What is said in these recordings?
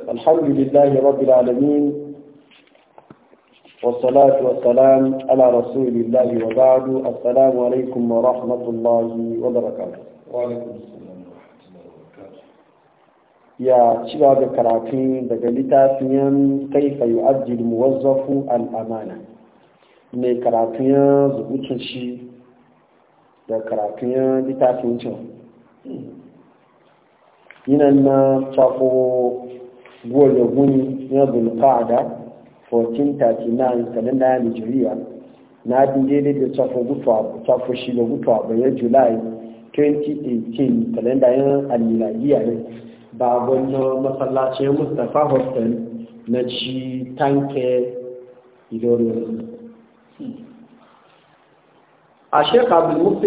الحمد لله رب العالمين والصلاة والسلام على رسول الله وبعد السلام عليكم ورحمة الله وبركاته وعليكم السلام ورحمة الله وبركاته يا شباب الكراتين دقلتا فيهم كيف يؤدي الموظف الأمانة من الكراتين زبوتن شي الكراتين لتا littafin cin yinan goyo guni na bulqada 1439 kalenda nigeria na din daidai da tsafo shi da gutu a bayan july 2018 kalenda yan almiladiya ne ba gwamna masallacin mustafa hostel na ci tanke a shekaru zuba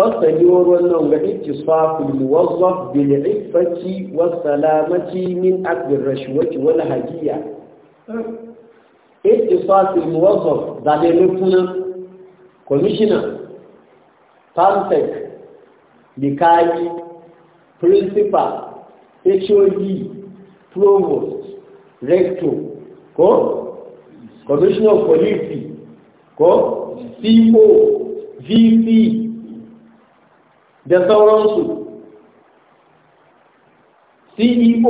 فاستجور وانهم اتصاف الموظف بالعفة والسلامة من أكل الرشوة والهدية اتصاف الموظف ذا لنفنا كوميشنا تانتك لكاي principal HOD provost rector ko commissioner of police ko CO VP da sauransu ceo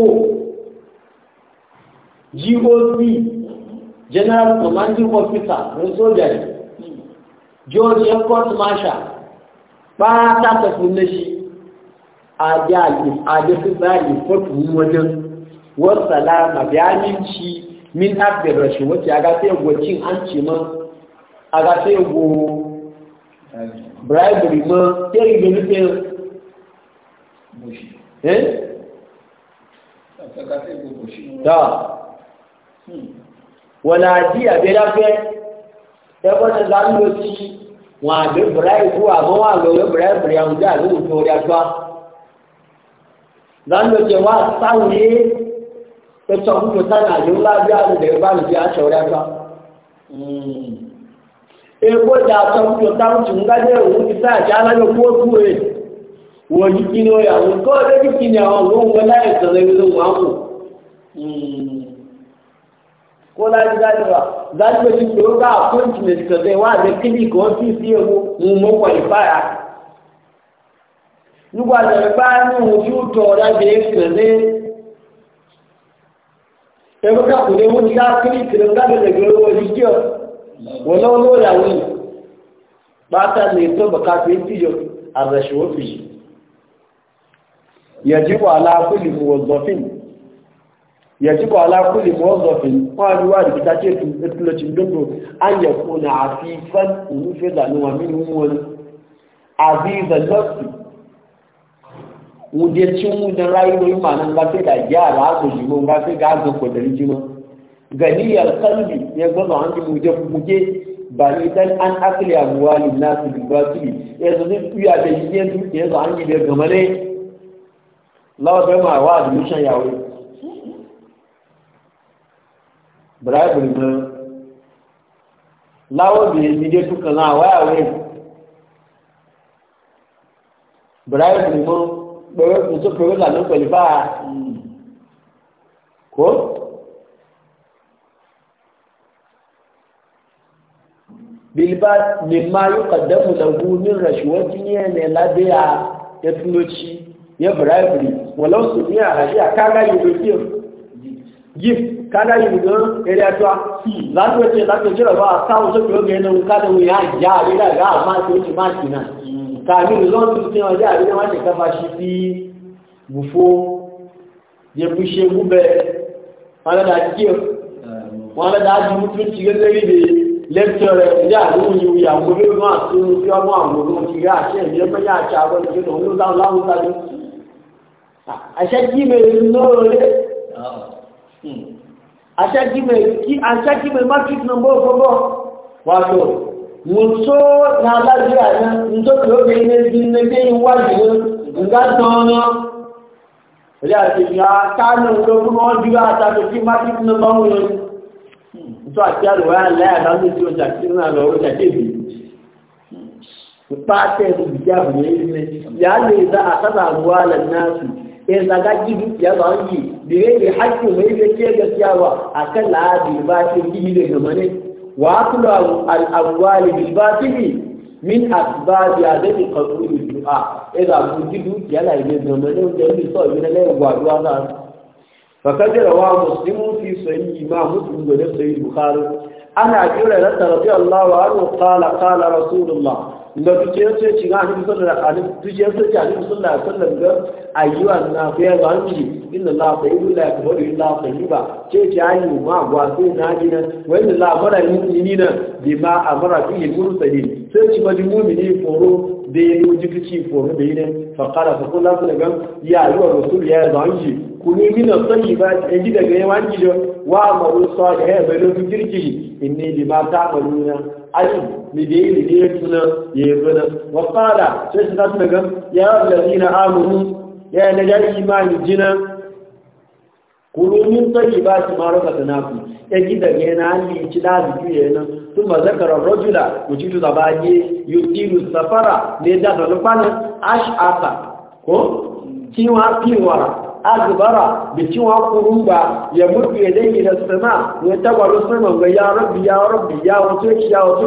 goc general commanding officer na soja ne george airport marshal ba ta tafi na shi a jafin tsari fotun wajen wasu lama bayaninci min abin rashin wacce a gasa yagwacin an ce ma a gasa yagwo bribery mọ́ tẹ́rì lórí pé ẹ́ tọ́ wọ́n àjí àbẹ́láfẹ́ ẹgbọ́n lánàá ti wọ́n àbẹ́ bribery àmọ́ wà lọ́yọ́ bribery àwùjọ àlóhùn tó rí agbá lánàá ti wá sáwọn yé fún mi sáà àjọ ńlá bí àlùdẹ̀ bá lùdí aṣọ rí agbá. Hmm. ebo da san to tan tun ga de o ti sa ja la ko tu e wo yi ki no ya wo ko de ki ni awon wo la e tele ni hmm. wa ko ko la ji ga wa za ti ti to ga ko ti ni to de wa de ki ni ko ti si e mu mo ko ni pa ya nígbà tó ń bá ní ojú tó ọ̀rá ìbèrè ìpínlẹ̀ ẹgbẹ́ kàkùnrin mú ní láàkiri ìpínlẹ̀ ńlá lẹ́gbẹ̀ẹ́ owó ìdíjọ́ walau loya wani ba ta mai to bukatun tiyo a rashuwa fi yajibu ala kulli muwazzafin yajibu ala kulli muwazzafin kwajuwa da kita ce tulacin dondo an ya kuna a fifan rufe zanuwa min wani azizan nafi wuje cin wujen rayuwa yi ma nan gafe da yara ganiyar kalbi ya zama hannu muje muje ba ni dan an akli amwali nasu su bi. ya zama ya tuya da yin duke ya zama an yi da gamale lawa da ma wa da mushan yawo bible ne lawa da yi da tuka na ya wai bible ne ba wai mutum ko la nan kwalifa ko bilba mimma yuqaddamu lahu min rashwatin yana labiya ya tunoci ya bribery walau su biya haji a kaga yi da fiye gif kaga yi da area to si za ku ce za ku jira a kawo su ko ga nan ka da mu ya ya ri da ga amma to ci ma kina ka ni zon tu ce wa ya ri da wani ka fashi fi bufo ya bushe gube wala da kiyo wala da ji mutunci ga gari da lẹ́tọ̀ rẹ̀ ilé àdúgbò yìí wí àwọn olóògùn àti ohun tí ọmọ àwọn olóògùn ti rí àṣẹ ìdí ẹgbẹ́ yà àti àwọn ìdí tó ń lò láwọn láwọn láwọn. àṣẹ jí mi lóore àṣẹ jí mi kí àṣẹ jí mi má kí tinubu fọwọ́ wàtò mo tó na alájú àná nítorí oge ilé ti ní bí iwájú nga tán ilé àti ìyá kánú lókùnmọ́ ju àtàkùn kí má kí tinubu tó àti àlùwà aláyàdá ló tí ó jàkí náà lọ ó jàkí èdè pàtẹ́ ìdíjà àbúyẹ ilẹ̀ yà lè dá àtàbà àlùwà alẹ́nàásù in zaga gidi ya ba yi da ya yi haƙƙi mai da ke gaskiyawa a kan la'adi ba ce gidi da gamane wa kula al'awwali bil batili min asbabi adadi qabuli du'a ila bujidu yala ile gamane da ni so ile le gwa du'a فقد رواه مسلم في صحيح امام مسلم وجد صحيح البخاري انا أقول لك رضي الله عنه قال قال رسول الله da duk ya ce shiga a cikin sallar a duk ya ce a cikin sallar sallar ga ayyuan na fiye da hanji inda la fa ilu la kamar hori la fa liba ce ce ayi ma gwa sai na ji nan wanda inda la mara mu'mini na bi ma amara fi mursalin sai ci ma ni foro da ya yi jikici foro da yi fa qala fa qul lakum gam ya wa rasul ya da hanji ni mina at ba ta e ji daga yawan ji wa e ma amaru ya ba lu kirki inni bima ta'maluna alim ni da yi da ya tuna ya yi gana wa kala sai su zasu daga ya rabbi na amuru ya na ja imani jina Kurumin tsari ba su maruka ta naku ya gida ga yana hali ci da su fiye nan sun ba zakarar rajula wuce su zaba ne yukiru safara ne da da ash asa. ko kiwa fiwa azubara da kiwa kurumba ya murfi ya dangi da sama ya tagwaro sama ga ya rabbi ya rabbi ya wato ya wato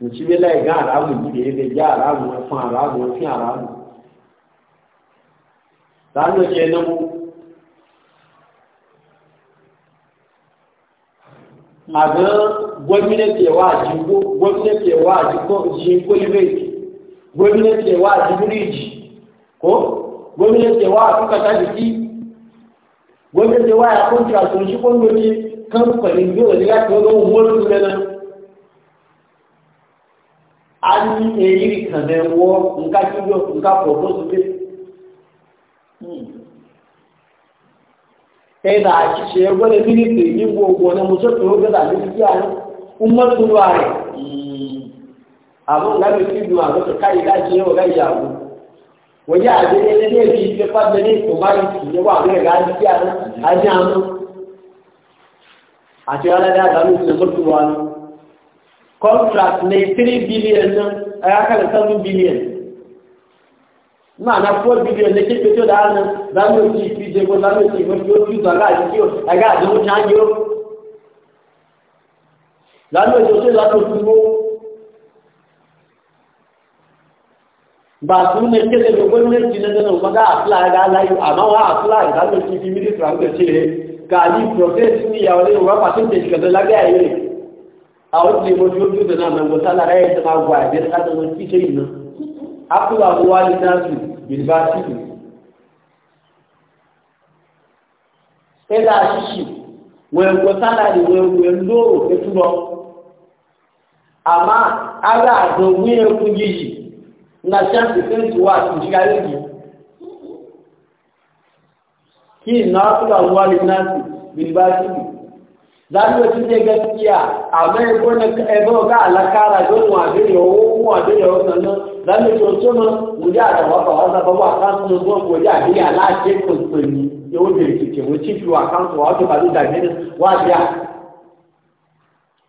nti bi la ɛga aramu yi de ɛfɛ gya aramu ɛfɔ aramu ɛfi aramu saa na ɔyɛ ne mu aga gwamnati ɛwɔ adigbo gwamnati ɛwɔ adigbo jinko libeti gwamnati ɛwɔ adibriji ko gwamnati ɛwɔ akokata didi gwamnati ɛwɔ akokata didi ko nwere kamfani bi wani ya kawo wani wani wani ani eyiri kan bɛ wɔ nka judo nka kɔkɔ sube ɛna akyikyi ɛgbɛlɛ minisiri ni gbogbo na muso tó gbé la níbi tí a yẹ kuma tulu a yẹ àmọ nga mi fi dùn àmọ ká yìí láti yẹ wọ ká yìí àgbo wọ́n yà àdé ẹni ní ebi ìfẹ́ fábẹ́ ní ìfọ̀má kì í yẹ wọ́n àbẹ́ ẹ̀ka àti tí a yẹ àti àmọ contract na 3 billion nan a ya kada 7 billion ma'ana 4 billion na ke fito da hannun za mu ci fi jego za mu ci mafi yau fiye ga a jikiyo a ga a jikin hangiyo za mu ci sai za mu tumo ba su ne ke da gwamnati na zanen maga a fula ga layu amma wa a fula ga za mu ci fi ministra muka ce ga ni professor ni yawon yin wa fasin da shi ka ga yayi a wani mafi yau da na mango sallah ya yi zama gwajin kasar wani kishirin nan abubuwa ruwa da nasu bilbasi ne sai da ṣíṣì wẹ̀ǹkọ̀ sálàrì wẹ̀ǹkọ̀ lóòrò ẹ̀túrọ̀ àmá ara àdán wí ẹkùn yìí na ṣáàpì fẹ́ǹtì wà sí ṣíra lèdì kí ìná ápùlà wà lè náà sí bìlìbá síbì za mu ci ne gaskiya amma ya gona ebo ga alakara don wabe ne o wabe ne o sannan za mu ci wato ma mu da wasa ba wa kan su zo ko ja biya la ce ya wuce ki ce mu ci wa kan su wato ba da ne wa biya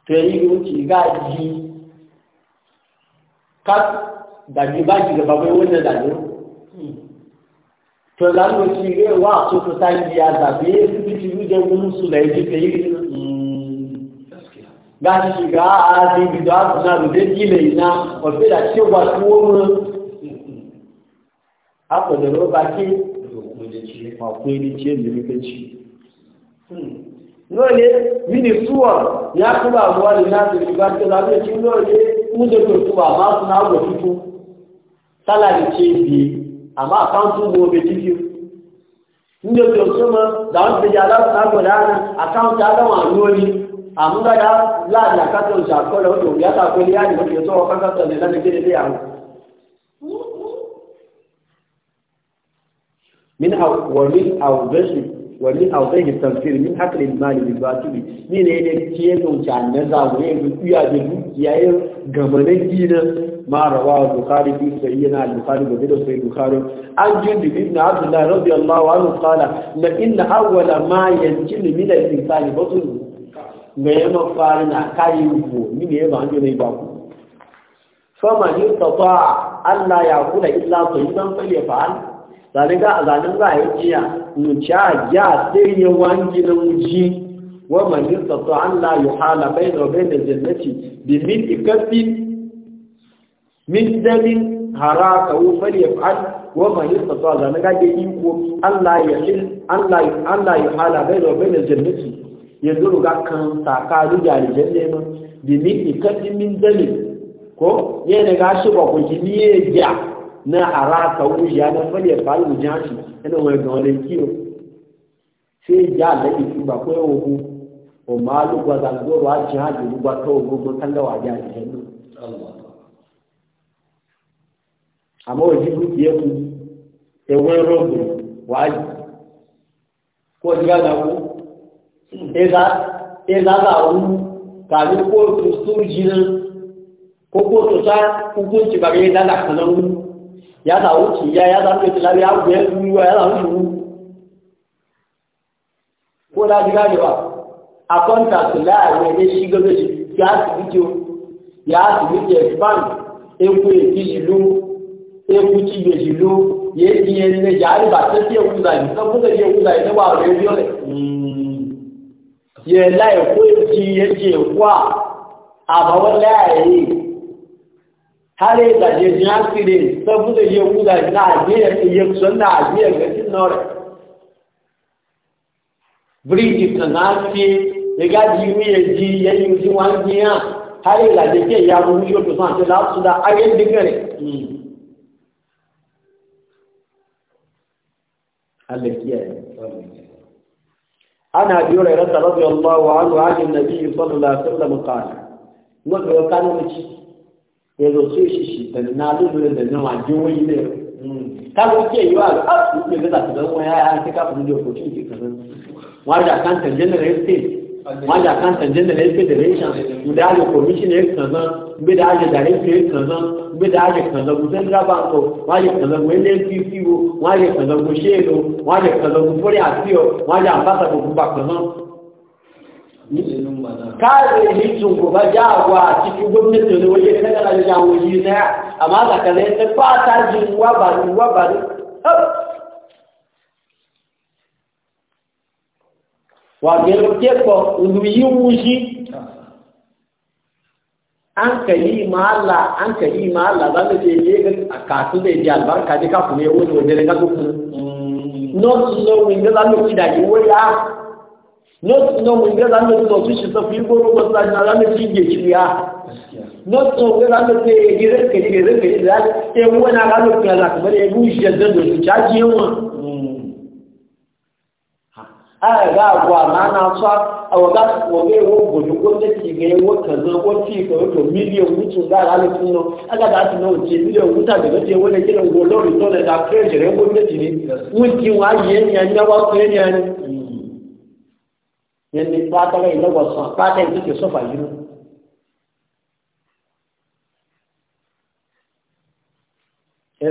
to yi wuce ga ji ka da ji ba ji gaba bai wannan da ne to za mu wa su ta yi ya zabe su ci ji da mun su da yi láti ṣìgá àti ìbìdó àtúnṣà lòdé jílẹ̀ iná ọ̀fẹ́ àti ọgbà tí wọ́n mú àpọ̀lọ̀rọ̀ bá kí ọ̀pọ̀ ilé ní àwọn tó mú tó wà tuntun tí è bí àmá àkáǹtù mú omi títí ní tó ti ni. àmúgbádá láàrin àkátọ̀ ìṣàkọlẹ̀ odò yàtà pélé àyè òkè tó wọ́n kákàtọ̀ ní lẹ́nu kéde bí àwọn. min wani auzashi wani auzashi tafsir min akli mali bil batili ni ne ne kiye don ta na za mu yi dukiya da dukiya yin gamane dina ma rawa bukhari fi sayyidina al-bukhari wa bidda sayyid bukhari an jindi ibn abdullah radiyallahu anhu qala la inna awwala ma yanjilu min al-insani batulu ga yana fari na kayi ko mini ya ba ne ba ku fama ni tafa Allah ya kula illa to idan fa ya fa'al zaliga zalin za ya jiya mu a ya sai ya wangi na muji wa man yastata Allah na bayna bayna jannati bi min ikafin min damin haraka wa fal yaf'al wa man yastata zaliga ga iko Allah ya hala bai Allah yuhala da bayna jannati ya zuru ga kan sakaru jarijen ne ma domin ikaddi min dalil ko ya daga shi ba ku ji ni ya ja na araka wuya na fale fari mu ja shi ina wai ga wani kiyo sai ja da ki ba ko yawo ku o malu gwa da go ba ji ha ji gwa to go kan da waja ji ne amma waji ku ki ku e wai ko ji da ku e zazawu kafin kotu sun jinin ko kotu ta hukunci bare da da kanan ya za wuce ya ya za wuce labi ya wuce ruwa ya za wuce ru ko da ji gane ba a kwanta su la'ayi ne shi gaba shi ya su wuce ya su wuce ban ewu eki jilo ewu cibe jilo ya yi ne ya yi ba ta fiye wuza ne ta kuma ya wuza ne ba a rediyo ne ya laye kwanci yake kwa a bawon layaye har yi zaje jiya sire saboda ya wuza na ajiyar iya suna ajiyar gashin nore british na nafi ya gaji yi ya ji ya yi ji wani jiya har yi zaje ke ya mu yi otu sun ce su da agen digare hmm. Allah kiyaye. عن أبي هريرة رضي الله عنه عن النبي صلى الله عليه وسلم قال نقول كان وجهي yanzu sai shi shi da na lulu da na ma ji wani ne ta ko ke yi wa asu ne da ta da wani ya ya ta ka fi ne ko ce ke kaza wanda kan ta general estate wanda kan tanjin da laifin federation guda da commission ya kanzan gbe da aje director ya kanzan gbe da aje kanzan gu central bank wa je kanzan gu nnpc wo wa je kanzan gu shelo wa je kanzan gu foreign affairs wa je ambassador gu ba kanzan kare ni tun ko ba jagwa cikin gwamnati ne waje da kana da jawo wagelokeko uluyushi an ka yi ma'ala an ka yi ma'ala za ta ce ne a kasu da ji albarka ji kafin ne wani wajen na gudu not knowing da zanen ci da yi wuya not knowing da zanen ci da su shi safi goro ba sa na zanen ci ge shi ya not knowing da zanen ci ya yi rikka ji rikka ji da yi wani alamun ya zakamar ya yi gushi da zan da su caji a ga agwa ma na so awaga wobe wo godu ko te ti ge wo ka zo ko ti ko to million mutu ga ala tun no aga da tun no ti million muta de ko ti wo le kilo go lori to le da treasure re wo le ti ni wo ti wa ye ni an ga wa ko ni an ni ni pa ta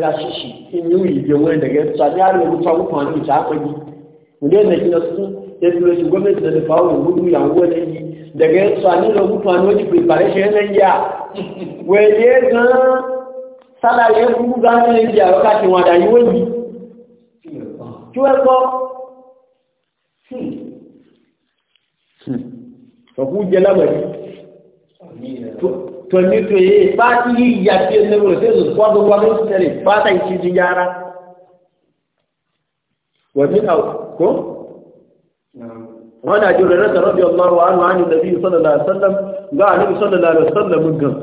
ga shishi yi je wo de ge sa ni a le mutu ko ni ta ko miliyan da kina su ya tura shi gwamnati da dafa wani gudu ya huwa da yi daga yin tsani da mutu wani wajen preparation ya nan ya wele gan sálàyé fún gánà ní ìdí àwọn káàkiri wọn àdáyé wọ́n yìí tí wọ́n kọ́ ọ̀kú jẹ lábẹ̀rí tọ̀ní tó yé pàtí yìí ìyá tí ó lẹ́wọ̀ tí ó pọ́ gbogbo ọdún tẹ̀lé pátá ìṣíjú yára wọ̀dí náà ko wani ajiyar rarrata rabbi Allah wa Allah hannun nabi sallallahu alaihi wasallam ga annabi sallallahu alaihi wasallam gan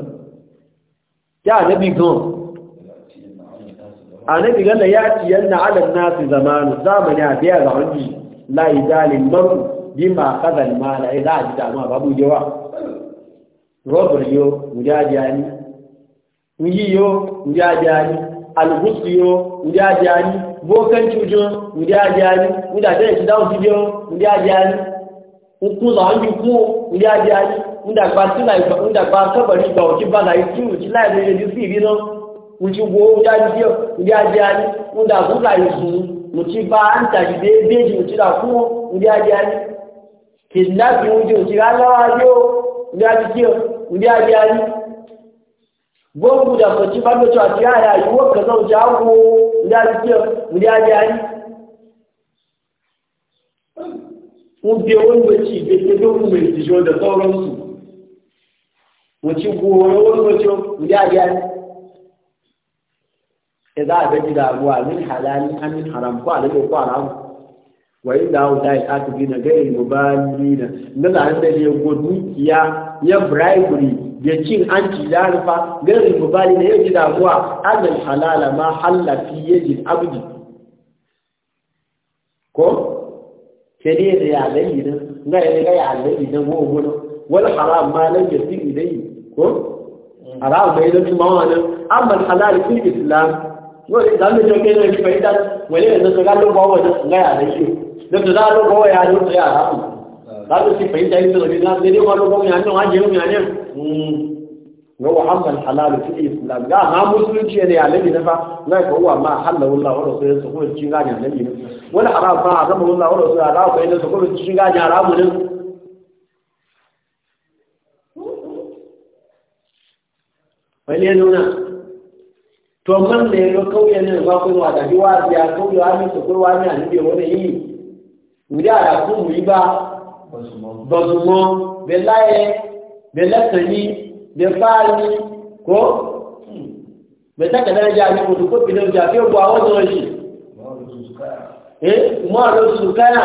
ya annabi gan annabi gan ya yati yanna ala nasi zamanu zamani a biya ga wani la idalin maru bima qadha al mala idza ajda ma babu jawa robr yo mujajani mujiyo mujajani al-ghusl yo mujajani bokanci ujun wùdí àdíyàní wùdí àdíyàní ti dáhùn sí bíọ́ wùdí àdíyàní nkú làwọn bí kú wùdí àdíyàní wùdàgbà sọ́bọ̀rí ìgbà òkú bá láì sí wùdí láì lè yẹjú sí ìbí náà wùdí wo wùdí àdíyàní wùdí àdíyàní wùdàgbà láì sùn wùdí bá ń tàbí déédéé wùdí là kú wùdí àdíyàní kìdínàbí wùdí òkú aláwájú wùdí àdíyàní gwamnu da kwanci ba da cewa ya rayuwar ka zau jago da jiya guda jari kuke wani wacce da ke dokun mai tijo da sauransu wacce goyo wani wacce guda jari ya za a gaji damuwa min halali amin haram ko alaƙa ko haram wa yi da hau dai aka gina gari ni na nana da ya go ya bribery ya cin an tilarufa garin mubali na yau gida zuwa annal halala ma hallafi yajin abdi ko sai da ya lai idan ga ya ga ya zai idan wo gudu wal haram ma lan yasi idai ko haram mai da kuma wannan amma halal fi islam ko da mu joke ne faida wale da ga lo bawo da ga ya zai da da lo bawo ya lo ya haram za su ci fahimta yin zarafi na sai dai wani gwamna ya nan wajen yin yanen ga muhammad halalu fi islam ga ma musulunci ne alabi na fa na ga uwa ma halal wallah wa rasul su kuma cin gani alabi ne wani haram ma haram wallah wa rasul ala ko ne su kuma cin gani haramu ne wani nuna to man ne kauye ne ba wa da biwa ya kauye ya ne su kuma wa ne wani yi mu da ku mu yi ba dozumo be laye be latani be fali ko be ta kana ja ni ko ko pilo ja ke bo awon do yi eh mo ro su kana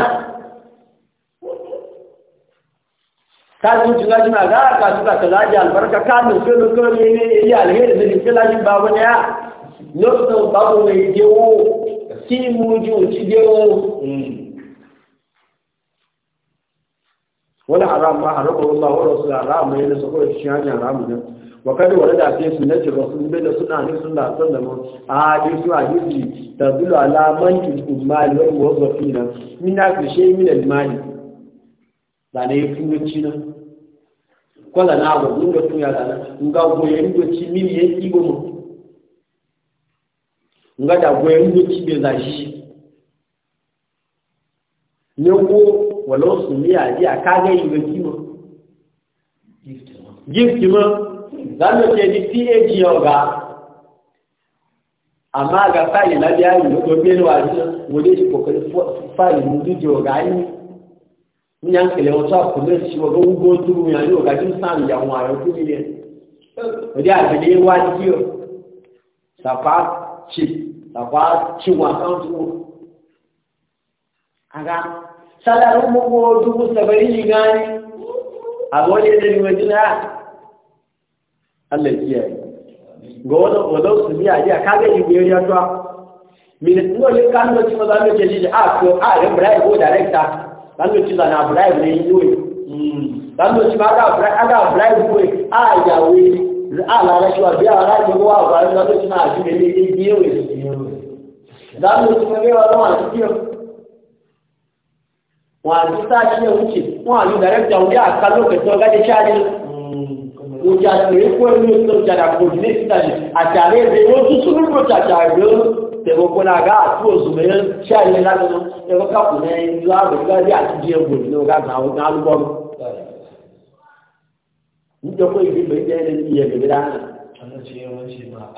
ka ji jula jina ga ka su ka kala ja albarka ka no ke no ko ni ni ya alheri ni ke la jin bawo ne ya no to bawo ne je wo si mu ju ti je wo wani haram ma Allah wa rasul haram ne da saboda shi hanyar haram wa kada wani da ake sunnati sun bai da suna ne da sallama a su a hadisi da dulu ala man til ummal wal min na fi ndị min al mali da ne furuci na kwala na ga mun ga tuya da mun ga min ya ga da bai zashi ne walau su miya jiya ka ga yi wani kima gift ma za mu ce ni ph yau ga amma ga fayi na biya yi ko biyan wa ji wani shi kokarin fayi mu duji ga yi ni yan kele ugo duru ya yi ya wa ya ku ne wani a ga wa aga sálàrú gbogbo dúkú sẹ̀bẹ̀rí yìí ya ni àwọn ilé ẹni wọ́n ti náà alẹ́ sí ẹ̀ gọ́ọ̀nà ọ̀dọ́ sì ní àyè àkágẹ́ ìgbé orí ọjọ́ mìíràn ní olè kánú ti mọ́ a jẹ́ lílẹ̀ ààtò ààrẹ bribe ó dàrẹ́kta lánàá ti lànà bribe ní inú ẹ̀ lánàá ti máa dá bribe ó àyàwó àlàrẹ́ṣọ́ àbí ti wọ́n àti sáàtì náà wúchì wọ́n àlú dàrẹ́kítà wọ́n yá àká lókèsí ọgájé ṣáàjì òjì hmm. àtìlẹ́ ikú ẹ̀rú ìṣòro jàdà kòjì ní ìsìtàjì àtàrí ẹ̀rẹ́ ìwọ́n tún súnmọ́ ìpòtà àtàrí tẹ̀wọ́kọ́ náà gá àtú òṣùmẹ̀ ṣáàjì lánàá ẹ̀rọ kàpù náà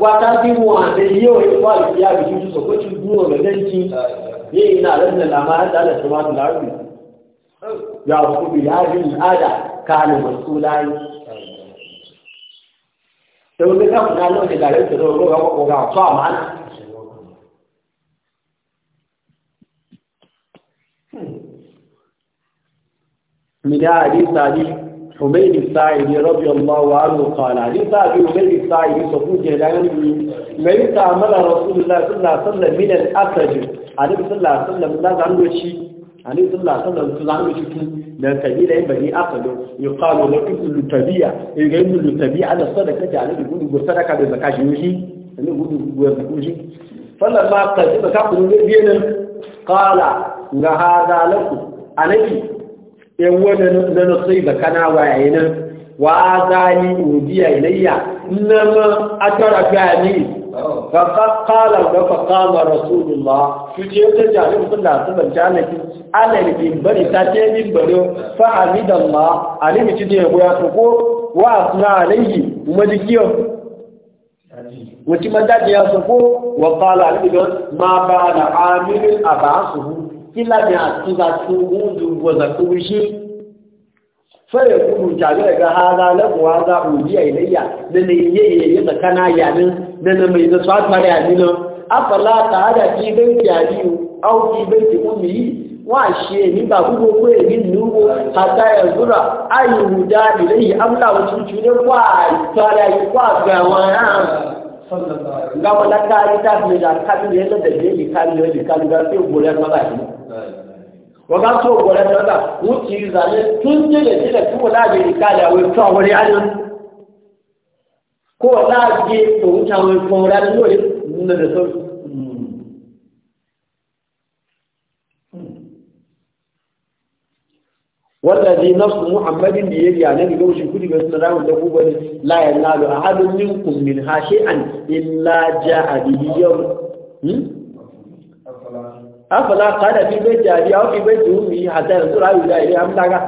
wata bi wa da yau ya kwa ya bi shi so ko ci duwa ga danki ne ina ranna lamar da Allah subhanahu wa ta'ala ya ku bi hadin ada kana masulai to da ka kuma lo da gare to ko ga ko ga so ma mi da hadisi حميد الساعدي رضي الله عنه قال حديث أبي حميد الساعدي صفوت جهلان ما يتعمل رسول الله صلى الله عليه وسلم من الأسج عليه صلى الله عليه وسلم لا تعمل شيء عليه صلى الله عليه وسلم لا تعمل شيء لا تبيل بني أقل يقال له ابن التبيع يقال ابن التبيع على الصدقة عليه يقول بصدقة بزكاة يوشي فلما قدم كابل فلما قال قال وهذا لكم عليه ewo na nasiba kana waye nan wa zali udiya ilayya inma atara ka faqad qala wa faqama rasulullah kuje ta jari kullu saban jalaki alal bin bari ta ce bin baro fa hamidallah alimi ci da ya ko wa asna alayhi kuma dikiyo wuci madaji ya soko wa kala alimi ma ba na amilin abasuhu kila mi atuba tu mundu goza kubishi fere kudu jami'a ga haza na kuwa za a wuji a ilayya na na iye iye da kana yanin na na mai da tsatsar yanin nan afala ta hada ki bai kyari au ki bai ki umi yi wa shi ni ba gugu ko ya min nugo hata ya zura ayi huda ilayya amla wa cucu ne kwa tsara yi kwa gawa na nga wala ka ayi ta fi da ka fi yela da yeli ka ni yeli ka ni ga fi gole ma ba ni wa ga so gole ma ba mu ci za ne tun je da da ku da ka da wai to wani an ko wala je to wuta wai ko wala ni wai ne da na nafsu muhammadin da yi yana da wucin kudi ga suna rawun dabu bane la yanalu yin minkum min an illa ja'a bihi A afala qala fi baiti abi aw fi baiti ummi hatta rasula ila ila amdaga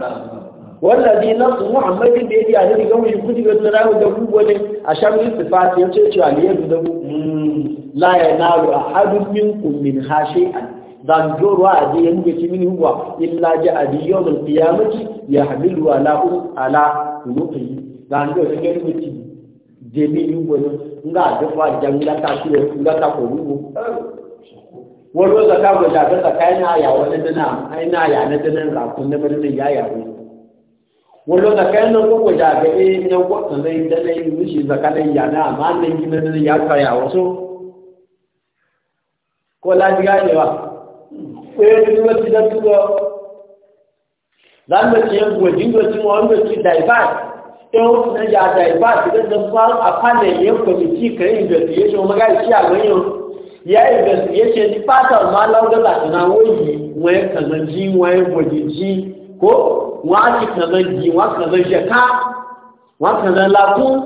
wallazi nafsu muhammadin da yi yana daga wucin kudi ga suna rawun dabu bane a shamin sifati ce cewa ne yadu dabu la yanalu yin minkum min an zanjoro a je muke gaci min huwa illa ji a bi yawon kiyamaki ya hamilu ala un ala rufi zanjoro sun gani mutu je min huwa ne nga dafa jan lata shi ne lata ko rubu wani wanda ka ga da ta kai na ya wani dana ai na ya na dana ra kun da bari ya ya wani wani wanda kai na ko da ga eh na ko kan dai da dai mushi zakalai ya na amma na gidan ya ka ya wasu ko lafiya ne ba pé ní wọ́n ti dẹ́kun lọ. Láńgbè tí ń wò nígbà tí wọ́n ń ti divert. Ṣé ó ti náà yà divert gẹ́gẹ́ fún apálẹ̀ yẹn kọ̀mìtì kan investigation ọmọ gáì sí àgbẹ̀yàn. Yẹ investigation ní pátá ọmọ aláwọ̀dọ́ láti náà wọ́n yìí wọ́n ẹ̀ kàn án jí wọ́n ẹ̀ wọ̀ jí kó wọ́n á ti kàn án jí wọ́n kàn án yẹ wọ́n kàn án lakún.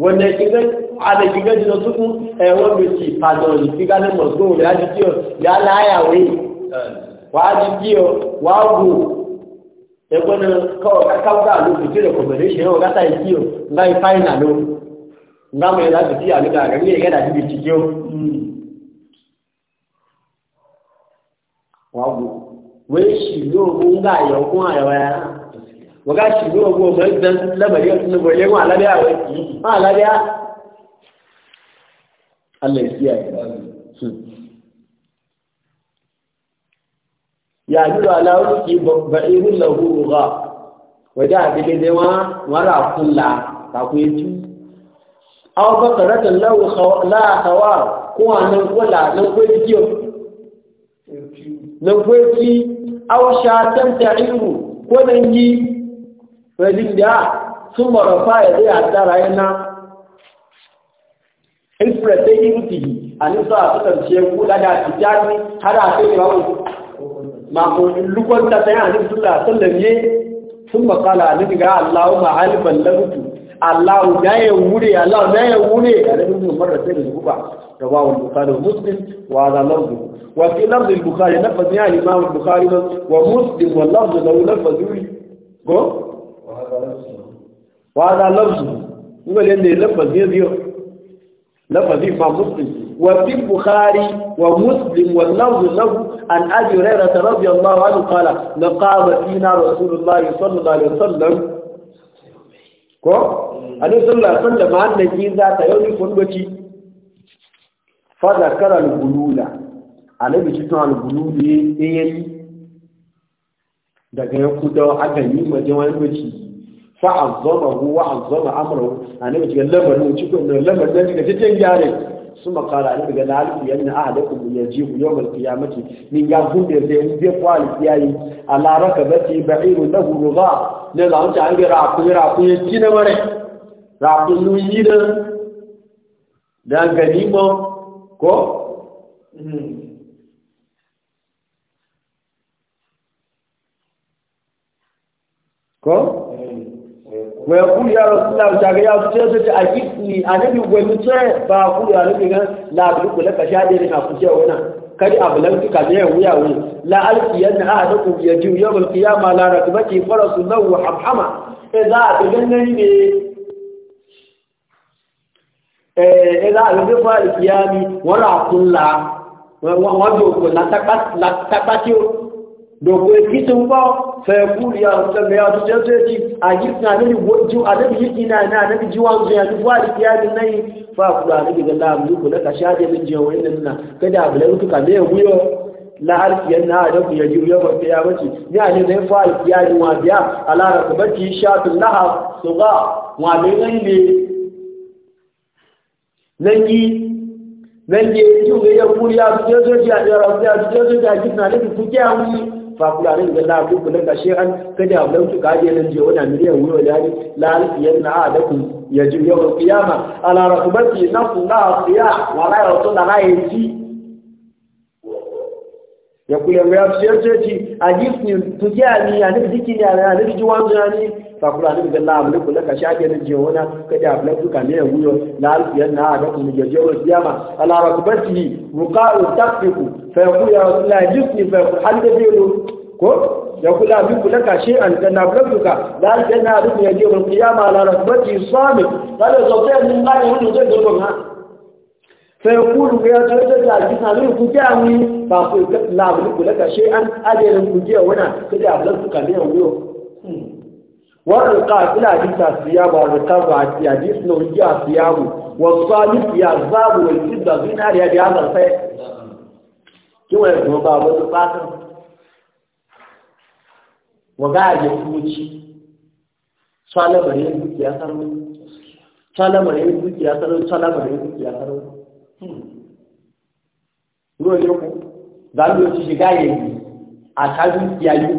wọ́n ẹ̀kíngẹ́ adẹ̀kíngẹ́ jùlọ túnkún ẹ̀wọ́n bí ti ìpàdàn ìfíkà ní mọ̀sùlùmù rẹ̀ ájú tí ọ yà láyàwé wàá di bí ọ wàá wò ẹgbẹ́ náà kọ́ káwọ́dà wọ́gá ṣìgbó ọgbọ́ ọmọ ẹgbẹ́ lẹ́bẹ̀rẹ́ ọ̀túnlẹ̀bẹ̀rẹ́ wọn aládé àwẹ̀ wọn aládé à alẹ̀ sí àyè yà nílò aláwọ̀ kì í bọ̀ irú lọ́wọ́ wọ́gá ba. àbílẹ̀dẹ́ wọn wọn rà fún mara kàkó etí àwọn bọ́kàrẹ́ tó lọ́wọ́ láàkàwà kó wọn a kó là náà kó etí o náà kó etí àwọn ṣàtẹ́ntẹ̀ irin ko náà yi. fẹ́ẹ́dì ń dá súnmọ̀ rọ̀fà ẹ̀dẹ́ àdára ẹ̀ná ìfúrẹ̀ a ìrùtì àníṣọ́ àtúntàṣe ẹkú ládà àtijá a hádà àti ìràwọ̀ màkò lukon tàtẹ́ àníṣúlà yi súnmọ̀ kálà nígbà aláwọ̀ màálìbàn lẹ́rùtù aláwọ̀ dáyẹ̀ wúre Wasu وهذا لفظه يقول ان لفظ يزيو لفظ ما wa وفي البخاري ومسلم واللفظ له عن ابي هريره رضي الله عنه قال لقام فينا رسول الله صلى الله عليه وسلم ko annabi sallallahu alaihi wasallam za ta yi kun gaci fa zakara al-bulula annabi cikin al-bululi yayi eh, eh, eh. daga yakuda aka yi wajen wani hu wa azzama amrahu annabi cikin lamarin ci ko ne lamarin da cikin cikin gyare suma qala annabi ga laliku yanna ahadakum yajibu yawm alqiyamati min ya hunde da yin bi kwali yayi ala rakabati ba'irun lahu ba ne la wata an gira ku gira ku yi kina mare ra ku nuyi da da ganimo ko ko wa yaqul ya rasulullah ta ga ya ce ta akidni annabi gwai mu ce ba ku ya rubi ga la bi ku la kasha dai na ku ce wannan kari abulanti ka ne wuya wuya la alki ya ahadakum yajiu yawm alqiyama la rakbati farasun lahu hamhama idza atagannani ne eh idza atagannani fa alqiyami wala kullu wa wa do ko la taqat la taqatio doko kitin ba fayakuru ya musamman ya tutar sai a da na rigoji a nabi yiki na na nabi jiwa su ya duwa da kiyamin nai fa kula na gidan lamu ku na kasha da min jiya wani nuna kada abu da rutuka ne ya wuyo na alkiyar na da ku ya ji ba ya bace ya ne zai fa alkiyarin wa biya a lara ku bace shafin laha su ba wa ne nan ne nan yi nan ne yi ya kuri ya tutar sai a jira su ya tutar a gifna na a yi. fa kula rin da la ku kula ka shehan kada abdan su kaje nan je wannan miliyan wuyo da ni la alfiyanna adakum yaji yawm qiyama ala rakbati nafsu la qiya wa la yutu la rayi ya kula ya ce ce ci ni, tujani ya ne dikini ya ne ji wanzu ya takura ni bɛ la amuli kula ka shafe ni jiyo na ka ja bila duka ne ya wuyo la alfiyan na a ga kun je je wa kiyama ala rakbati muqa'u taqiqu fa yaqulu ya rasulullah jisni fa yaqul hal dabiru ko ya kula bi kula ka she an kana bila duka la alfiyan na duk ya je wa kiyama ala rakbati sami kala zautai min ba ni wani zai dogo ha fa yaqulu ya ita da jisna zai ku ta mu ba ku la labulu kula ka she an ajerin ku gya wana kada ablan su ya wuyo hmm. wọ́n ká ìpínlẹ̀ àdíta síyàwó àrẹ̀káwà àti àdísìnà ojú àsíyàwó wọ́n sọ nípa àzáàbò èsì ìgbàgbínárì àdí àzàfẹ́ kí wọ́n ẹ̀gbọ́n bá wọ́n tó pátá wọ́n bá àyè fún ojú sọ́lámọ̀rẹ́ dúkìá sáró sọ́lámọ̀rẹ́ dúkìá sáró sọ́lámọ̀rẹ́ dúkìá sáró Za kú gbàgbé oṣù ṣe gáyé yìí àtàdúkìá yìí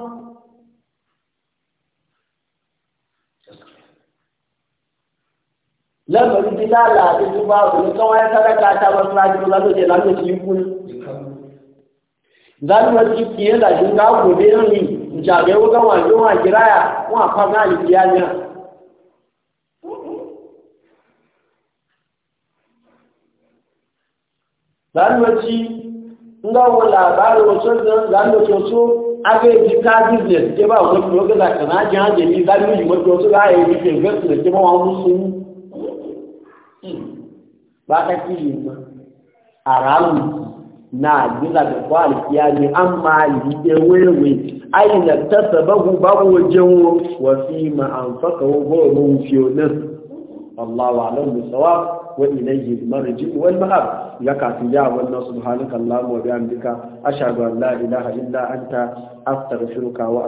lẹ́mọ̀rí bí lálà àti túbọ̀ àbúrò tó wáyé sádàkà àti àwọn fúlàjì ló lọ́dọ̀ jẹ́ lánàá kú ní. ìdánimọ̀ ti fi é làjú ká wò dé ní ìjàgbé wọ́n káwọn àjọ wọn yà wọn àpá náà lè fi áyà. ìdánimọ̀ ti ń dáwọ́ làbárí ọ̀ṣọ́ ìdánimọ̀ ti ọ̀ṣọ́ agéjì ká bíbélì jẹ́ bá àwọn ọmọ ìgbà ba ta yi ba a na gina da ya ne amma liɗe wewe aina ta sababu babu wajen wafi ma'amfaka goron fiyonin Allah wa alam musawa wa ilayhi marji wani ma'ab ya kafin ya wannan subhanaka Allahumma wa bihamdika ashhadu an la ilaha illa anta astaghfiruka wa